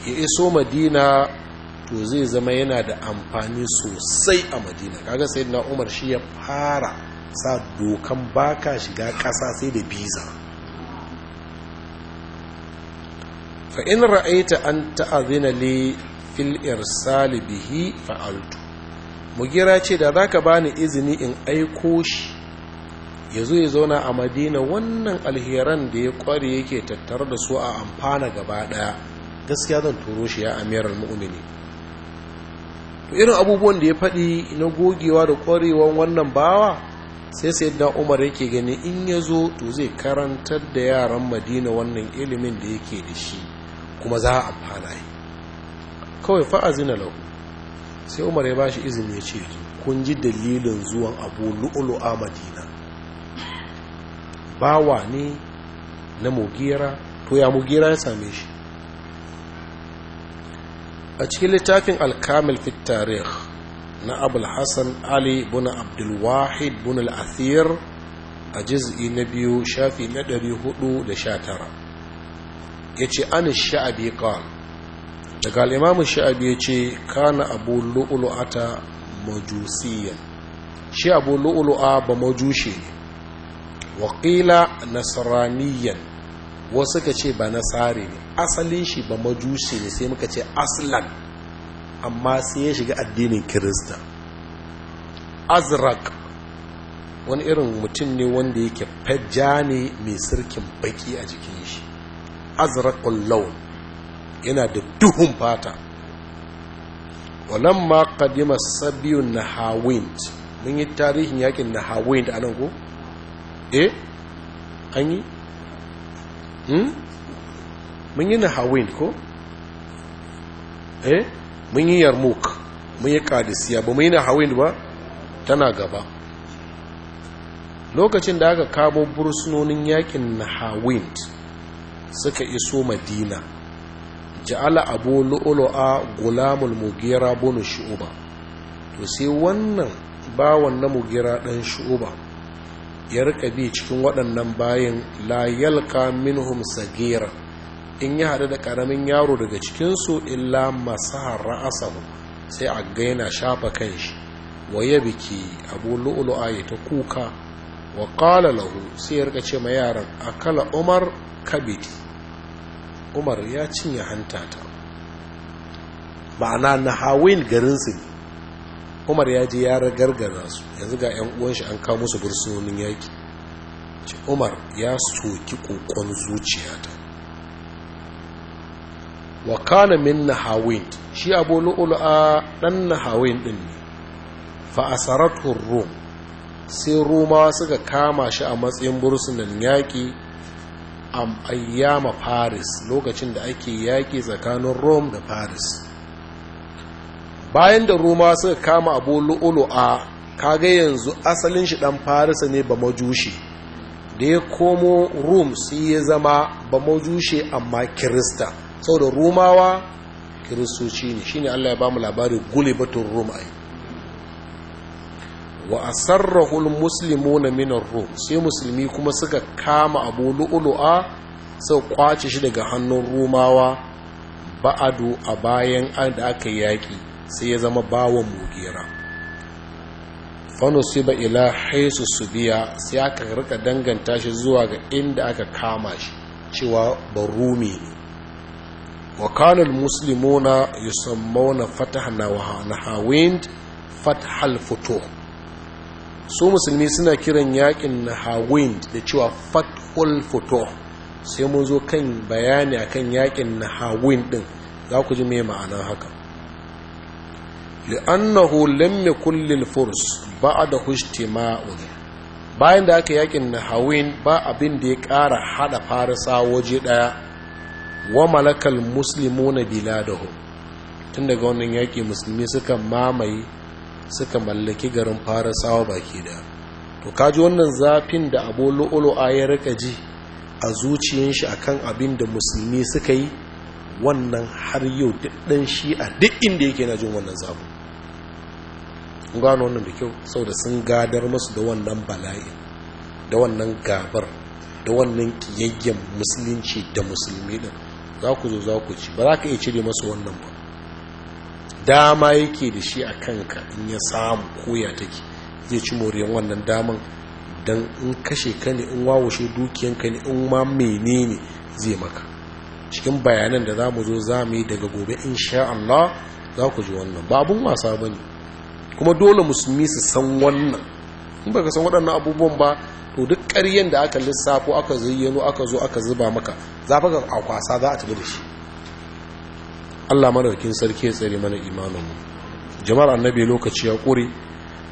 ya iso madina to zai zama yana da amfani sosai a madina kaga na umar shi ya fara sa dokan baka shiga kasa sai da biza fa in ra'aita an ta'azina li fil irsali bihi fa'altu mugira ce da zaka bani izini in aiko shi ya zo ya zauna a madina wannan alheran da ya kware yake tattare da su a amfana gaba daya gaskiya zan turo shi ya amirar mu'mini to irin abubuwan da ya faɗi na gogewa da kwarewan wannan bawa sai sai da umar yake gani in ya zo to zai karantar da yaran madina wannan ilimin da yake da shi kuma za a amfana yi kawai fa'azina lahu sai umar ya ba shi izini ya ce kun ji dalilin zuwan abu lu'ulu'a madina bawa ne na mugera to ya mugera ya same shi a cikin littafin alkamil fit tarih na abul hassan ali bin abdulwahid bin al'athir a jiz'i na biyu shafi na 419 ya ce an sha'abi kan daga al'imamun sha'abi ya ce kana abu lu'ulu'ata majusiyan shi abu lu'ulu'a ba majushe ne waƙila nasraniyan wasu ka ce ba nasari ne asalin shi ba majusi ne sai muka ce aslan amma sai ya shiga addinin kirista azrak wani irin mutum ne wanda yake fajja ne mai sirkin baki a jikin shi azrakul laun yana da duhun fata walamma kadima sabiyun nahawint mun yi tarihin yakin nahawint anan ko E an yi hmm? mun yi na hawin ko eh mun yi yarmouk mun yi kadisiya ba mun yi na hawin ba tana gaba lokacin da aka kamo bursunonin yakin na hawin suka iso madina ja'ala abu lu'ulu'a gulamul mugira bunu shu'uba to sai wannan bawan na mugira dan shu'uba ya rika bi cikin waɗannan bayan la yalka minhum sagira in ya haɗu da ƙaramin yaro daga cikinsu illa masahar ra'asahu sai a gaina shafa shi. wa ya biki abu lu'ulu'a ya ta kuka wa ƙala lahu sai ya rika ce ma yaran a kala umar kabidi umar ya cinye hanta ta ma'ana na hawin garinsu umar ya je ya ragargaza su yanzu ga 'yan uwanshi an kawo musu bursunonin yaki ce umar ya soki kokon zuciyata wa kana min nahawin shi abu a dan nahawin din ne fa asaratu rum sai roma suka kama shi a matsayin bursunan yaki a ayyama paris lokacin da ake yaki tsakanin rome da paris bayan da roma suka kama abu lu'ulu'a kaga yanzu asalin shi dan farisa ne ba majushi da ya komo rum sai ya zama ba majushi amma kirista saboda rumawa kiristoci ne shine Allah ya ba mu labari batun rum yi? wa asarrahul na minar rum sai musulmi kuma suka kama abu lu'ulu'a suka kwace shi daga hannun rumawa ba'adu a bayan da aka yaki sai ya zama bawon mugera fanusi ba ila haisu su biya sai aka rika danganta shi zuwa ga inda aka kama shi cewa barumi ne samu musulmuna fata na nahawind fathal futuh su musulmi suna kiran yakin nahawind da cewa fathal foto sai mun zo kan bayani akan yakin nahawin din za ku ji mai ma'anar haka li'annahu لم يكن للفرس furs ba'da bayan da aka yakin nahawin ba abin da ya ƙara hada farisa waje daya wa malakal muslimuna biladahum tun daga wannan yaki musulmi suka mamaye suka mallaki garin wa baki da to kaji wannan zafin da abu lu'ulu ya rika ji a zuciyar shi akan abin da musulmi suka yi wannan har yau duk dan shi a duk inda yake na jin wannan zafin gano wannan da kyau saboda sun gadar masu da wannan bala'i da wannan gabar da wannan kiyayyen musulunci da musulmi din za ku zo za ku ci ba za ka iya cire masu wannan ba dama yake da shi a kanka in ya samu koya take zai ci moriyar wannan daman don in kashe ka ne in wawashe dukiyanka ne in ma menene zai maka cikin bayanan da za mu zo za mu yi daga gobe in sha Allah za ku ji wannan babu wasa ba ne kuma dole musulmi su san wannan in baka san waɗannan abubuwan ba to duk ƙaryen da aka lissafo aka zayyano aka zo aka zuba maka za fa a kwasa za a tafi da shi Allah rikin sarki ya tsare mana imaninmu jama'ar annabi lokaci ya ƙure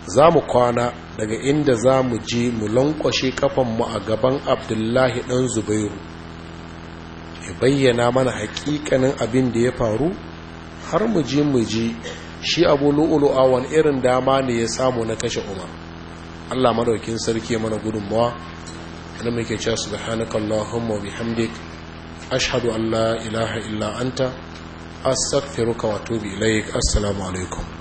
za mu kwana daga inda za mu je mu lankwashe kafanmu a gaban abdullahi ɗan zubairu ya bayyana mana hakikanin abin da ya faru har mu je mu ji shi abu lu'ulu'a wani irin dama ne ya samu na kashe umar allah madaukin sarki mana gudunmawa na muke cewa subhanakallahumma wa bihamdik ashhadu an Allah ilaha illa anta astaghfiruka wa atubu ilaik assalamu alaikum